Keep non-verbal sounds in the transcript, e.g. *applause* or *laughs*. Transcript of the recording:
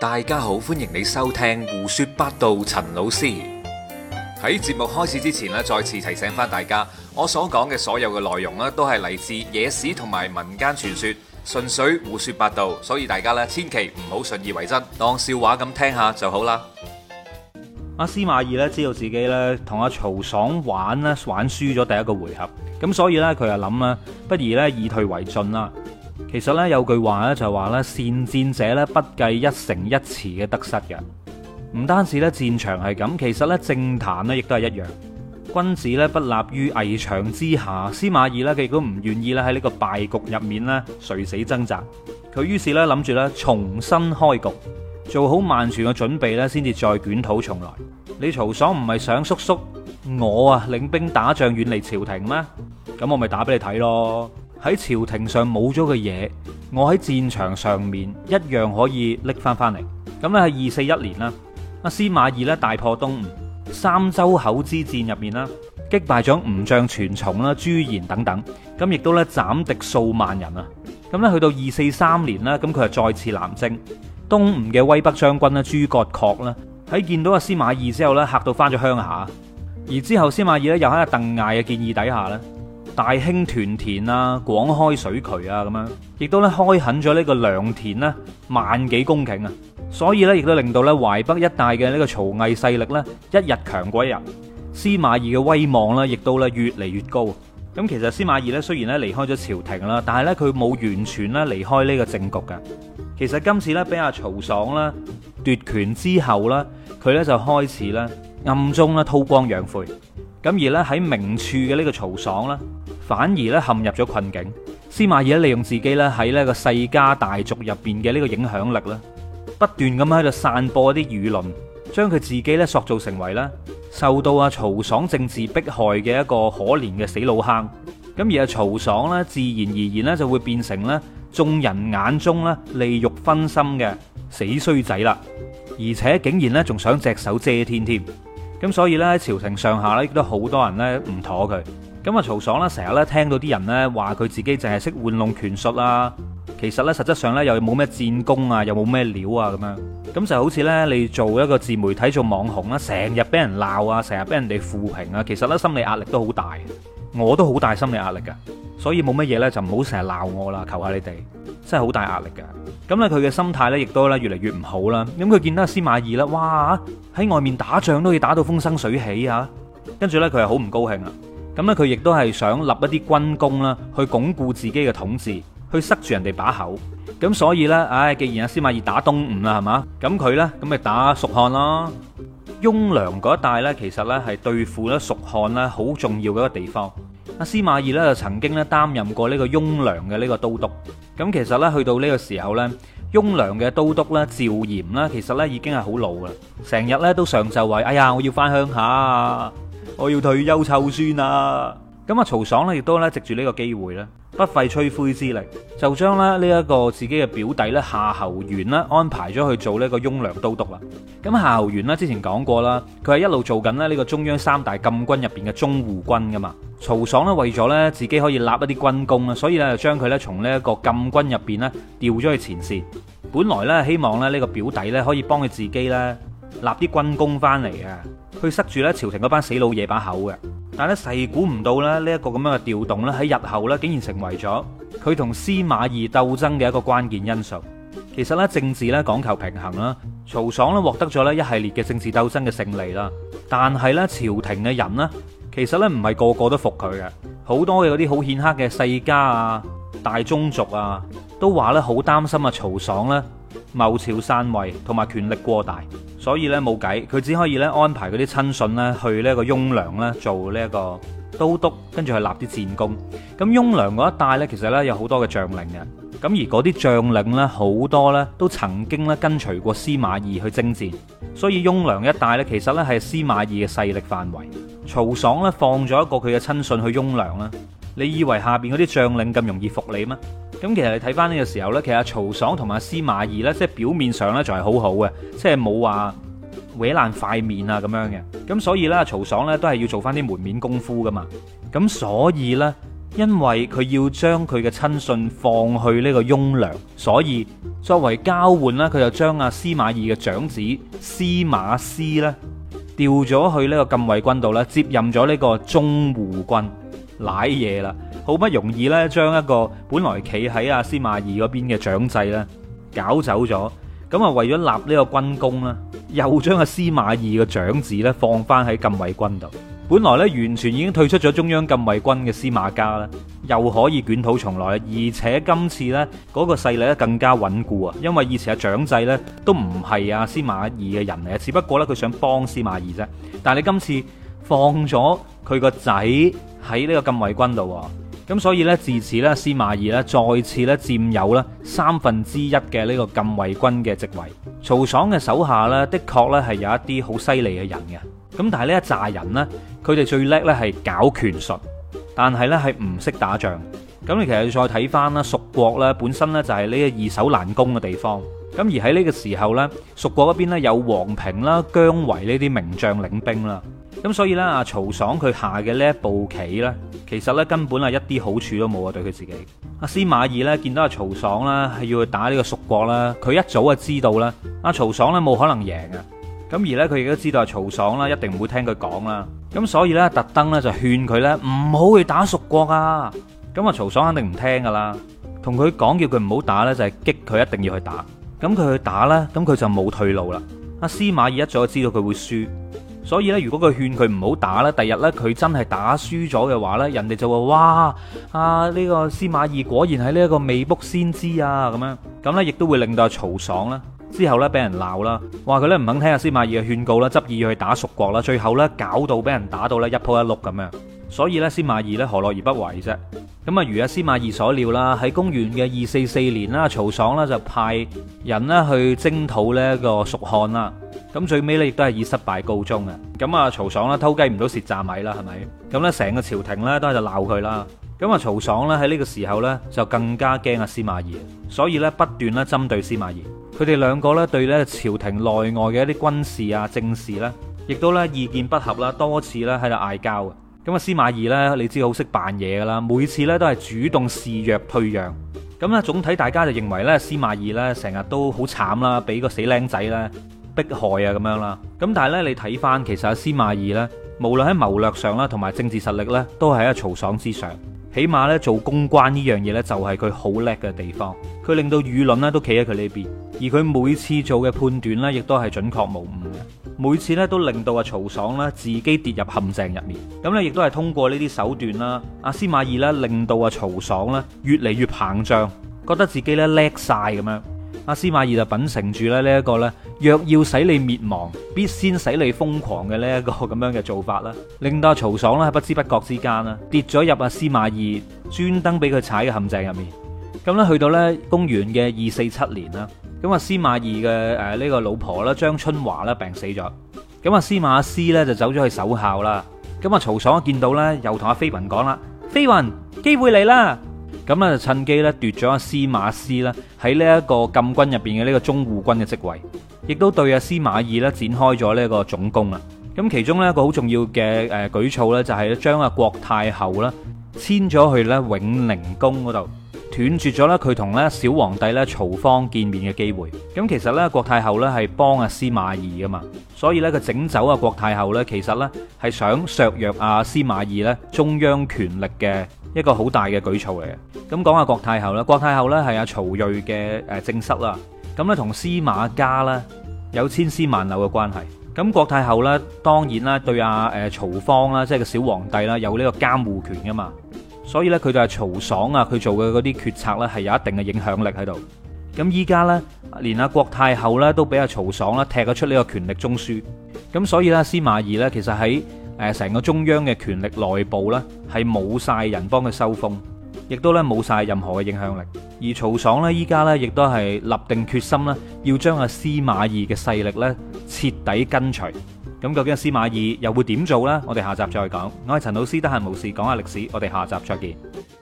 大家好，歡迎你收聽胡說八道。陳老師喺節目開始之前咧，再次提醒翻大家，我所講嘅所有嘅內容咧，都係嚟自野史同埋民間傳說，純粹胡說八道，所以大家咧千祈唔好信以為真，當笑話咁聽下就好啦。阿司馬懿咧知道自己咧同阿曹爽玩咧玩輸咗第一個回合，咁所以呢，佢就諗啦，不如咧以退為進啦。其實咧有句話咧就係話咧善戰者咧不計一城一池嘅得失嘅，唔單止咧戰場係咁，其實咧政壇咧亦都係一樣。君子咧不立於危牆之下。司馬懿咧佢亦都唔願意咧喺呢個敗局入面咧垂死掙扎。佢於是咧諗住咧重新開局，做好萬全嘅準備咧先至再捲土重來。你曹爽唔係想叔叔我啊領兵打仗遠離朝廷咩？咁我咪打俾你睇咯。喺朝廷上冇咗嘅嘢，我喺戰場上面一樣可以拎翻翻嚟。咁咧係二四一年啦，阿司馬懿咧大破東吳三州口之戰入面啦，擊敗咗吳將全琮啦、朱然等等，咁亦都咧斬敵數萬人啊。咁咧去到二四三年啦，咁佢又再次南征東吳嘅威北將軍啦，諸葛恪啦，喺見到阿司馬懿之後咧嚇到翻咗鄉下，而之後司馬懿咧又喺阿鄧艾嘅建議底下咧。大興屯田啊，廣開水渠啊，咁樣亦都咧開墾咗呢個良田咧萬幾公頃啊，所以咧亦都令到咧淮北一帶嘅呢個曹魏勢力咧一日強過一日，司馬懿嘅威望咧亦都咧越嚟越高。咁其實司馬懿咧雖然咧離開咗朝廷啦，但係咧佢冇完全咧離開呢個政局嘅。其實今次咧俾阿曹爽咧奪權之後咧，佢咧就開始咧暗中咧韜光養晦。咁而咧喺明處嘅呢個曹爽呢，反而咧陷入咗困境。司馬懿利用自己咧喺呢個世家大族入邊嘅呢個影響力啦，不斷咁喺度散播一啲輿論，將佢自己咧塑造成為咧受到阿曹爽政治迫害嘅一個可憐嘅死老坑。咁而阿曹爽呢，自然而然咧就會變成咧眾人眼中咧利欲熏心嘅死衰仔啦，而且竟然咧仲想隻手遮天添。咁所以呢，朝廷上下呢，亦都好多人呢唔妥佢。咁啊，曹爽呢，成日呢聽到啲人呢話，佢自己淨係識玩弄權術啦，其實呢，實質上呢，又冇咩戰功啊，又冇咩料啊咁樣。咁就好似呢，你做一個自媒體做網紅啦，成日俾人鬧啊，成日俾人哋負評啊，其實呢心理壓力都好大，我都好大心理壓力噶，所以冇乜嘢呢，就唔好成日鬧我啦，求下你哋，真係好大壓力噶。咁咧佢嘅心態咧，亦都咧越嚟越唔好啦。咁佢見到阿司馬懿啦，哇！喺外面打仗都可以打到風生水起吓，跟住咧佢係好唔高興啊。咁咧佢亦都係想立一啲軍功啦，去鞏固自己嘅統治，去塞住人哋把口。咁所以咧，唉，既然阿司馬懿打東吳啦，係嘛？咁佢咧，咁咪打蜀漢咯。雍涼嗰一帶咧，其實咧係對付咗蜀漢咧好重要嘅一個地方。阿司馬懿咧就曾經咧擔任過呢個雍涼嘅呢個都督。咁其實咧去到呢個時候咧，雍涼嘅都督咧趙儼啦，其實咧已經係好老啦，成日咧都上奏話：哎呀，我要翻鄉下，我要退休湊孫啊。咁阿 *laughs* 曹爽咧亦都咧藉住呢個機會咧，不費吹灰之力就將咧呢一個自己嘅表弟咧夏侯玄啦安排咗去做呢個雍涼都督啦。咁夏侯玄呢，之前講過啦，佢係一路做緊咧呢個中央三大禁軍入邊嘅中護軍噶嘛。曹爽咧為咗咧自己可以立一啲軍功啊，所以咧就將佢咧從呢一個禁軍入邊咧調咗去前線。本來咧希望咧呢個表弟咧可以幫佢自己咧立啲軍功翻嚟嘅，去塞住咧朝廷嗰班死老嘢把口嘅。但係咧細估唔到咧呢一個咁樣嘅調動咧喺日後咧竟然成為咗佢同司馬懿鬥爭嘅一個關鍵因素。其實咧政治咧講求平衡啦，曹爽咧獲得咗咧一系列嘅政治鬥爭嘅勝利啦，但係咧朝廷嘅人咧。其實咧唔係個個都服佢嘅，好多嘅嗰啲好顯赫嘅世家啊、大宗族啊，都話咧好擔心啊曹爽咧謀朝篡位同埋權力過大，所以咧冇計，佢只可以咧安排嗰啲親信咧去呢一個雍涼咧做呢一個都督，跟住去立啲戰功。咁雍涼嗰一帶咧，其實咧有好多嘅將領嘅。咁而嗰啲將領呢，好多呢都曾經咧跟隨過司馬懿去征戰，所以雍涼一帶呢，其實呢係司馬懿嘅勢力範圍。曹爽呢放咗一個佢嘅親信去雍涼啦，你以為下邊嗰啲將領咁容易服你嗎？咁其實你睇翻呢個時候呢，其實曹爽同埋司馬懿呢，即係表面上呢就係好好嘅，即係冇話搲爛塊面啊咁樣嘅。咁所以呢，曹爽呢都係要做翻啲門面功夫噶嘛。咁所以呢。因為佢要將佢嘅親信放去呢個雍涼，所以作為交換呢，佢就將阿司馬懿嘅長子司馬師呢調咗去呢個禁衛軍度啦，接任咗呢個中護軍，瀨嘢啦。好不容易呢將一個本來企喺阿司馬懿嗰邊嘅蔣濟呢搞走咗，咁啊為咗立呢個軍功啦，又將阿司馬懿嘅長子呢放翻喺禁衛軍度。本來咧完全已經退出咗中央禁衛軍嘅司馬家啦，又可以捲土重來，而且今次咧嗰個勢力咧更加穩固啊，因為以前嘅蔣濟咧都唔係阿司馬懿嘅人嚟，只不過咧佢想幫司馬懿啫。但係你今次放咗佢個仔喺呢個禁衛軍度，咁所以咧自此咧司馬懿咧再次咧佔有咧三分之一嘅呢個禁衛軍嘅職位。曹爽嘅手下呢的確咧係有一啲好犀利嘅人嘅。咁但係呢一紮人呢，佢哋最叻呢係搞權術，但係呢係唔識打仗。咁你其實要再睇翻啦，蜀國咧本身呢就係呢個易守難攻嘅地方。咁而喺呢個時候呢，蜀國嗰邊呢有王平啦、姜維呢啲名將領兵啦。咁所以呢，阿曹爽佢下嘅呢一步棋呢，其實呢根本係一啲好處都冇啊，對佢自己。阿司馬懿呢見到阿曹爽啦，係要去打呢個蜀國啦，佢一早就知道啦，阿曹爽呢冇可能贏啊。咁而咧，佢亦都知道阿曹爽啦，一定唔會聽佢講啦。咁所以咧，特登咧就勸佢咧唔好去打蜀國啊。咁啊，曹爽肯定唔聽噶啦。同佢講叫佢唔好打咧，就係激佢一定要去打。咁佢去打咧，咁佢就冇退路啦。阿司馬懿一早就知道佢會輸，所以咧，如果佢勸佢唔好打咧，第日咧佢真係打輸咗嘅話咧，人哋就話哇，阿呢個司馬懿果然係呢一個未卜先知啊咁樣。咁咧亦都會令到阿曹爽咧。之後咧俾人鬧啦，話佢咧唔肯聽阿司馬懿嘅勸告啦，執意要去打蜀國啦，最後咧搞到俾人打到咧一鋪一碌咁樣，所以咧司馬懿咧何樂而不為啫？咁啊如阿司馬懿所料啦，喺公元嘅二四四年啦，曹爽咧就派人呢去征討呢個蜀漢啦，咁最尾咧亦都係以失敗告終啊！咁啊曹爽呢偷雞唔到蝕炸米啦，係咪？咁咧成個朝廷咧都係就鬧佢啦。咁啊，曹爽咧喺呢個時候呢，就更加驚啊，司馬懿，所以咧不斷咧針對司馬懿。佢哋兩個咧對咧朝廷內外嘅一啲軍事啊、政事呢，亦都咧意見不合啦，多次咧喺度嗌交。咁啊，司馬懿呢，你知好識扮嘢噶啦，每次咧都係主動示弱退讓。咁咧，總體大家就認為呢，司馬懿呢成日都好慘啦，俾個死僆仔呢逼害啊咁樣啦。咁但係呢，你睇翻其實阿司馬懿呢，無論喺謀略上啦，同埋政治實力呢，都係喺阿曹爽之上。起碼咧做公關呢樣嘢咧，就係佢好叻嘅地方。佢令到輿論咧都企喺佢呢邊，而佢每次做嘅判斷咧，亦都係準確無誤嘅。每次咧都令到阿曹爽咧自己跌入陷阱入面。咁咧亦都係通過呢啲手段啦，阿、啊、司馬懿啦，令到阿曹爽咧越嚟越膨脹，覺得自己咧叻晒咁樣。阿司馬懿就秉承住咧呢一個咧，若要使你滅亡，必先使你瘋狂嘅呢一個咁樣嘅做法啦，令到阿曹爽喺不知不覺之間啦，跌咗入阿司馬懿專登俾佢踩嘅陷阱入面。咁咧去到咧公元嘅二四七年啦，咁阿司馬懿嘅誒呢個老婆啦張春華啦病死咗，咁阿司馬師咧就走咗去守孝啦。咁阿曹爽見到咧，又同阿飛雲講啦：飛雲，機會嚟啦！咁咧就趁機咧奪咗阿司馬師咧喺呢一個禁軍入邊嘅呢個中護軍嘅職位，亦都對阿司馬懿咧展開咗呢個總攻啦。咁其中咧一個好重要嘅誒舉措呢，就係咧將阿郭太后咧遷咗去咧永寧宮嗰度，斷絕咗咧佢同咧小皇帝咧曹芳見面嘅機會。咁其實咧郭太后咧係幫阿司馬懿噶嘛，所以咧佢整走阿郭太后咧，其實咧係想削弱阿司馬懿咧中央權力嘅。一個好大嘅舉措嚟嘅，咁講下郭太后啦，郭太后呢係阿曹睿嘅誒正室啦，咁呢同司馬家呢有千絲萬縷嘅關係，咁郭太后呢，當然啦對阿誒曹芳啦，即係個小皇帝啦有呢個監護權噶嘛，所以呢，佢對阿曹爽啊佢做嘅嗰啲決策呢係有一定嘅影響力喺度，咁依家呢，連阿郭太后呢都俾阿曹爽啦踢咗出呢個權力中樞，咁所以呢，司馬懿呢，其實喺。誒成個中央嘅權力內部呢，係冇晒人幫佢收風，亦都呢冇晒任何嘅影響力。而曹爽呢，依家呢，亦都係立定決心呢要將阿司馬懿嘅勢力呢徹底根除。咁究竟阿司馬懿又會點做呢？我哋下集再講。我係陳老師，得閒無事講下歷史。我哋下集再見。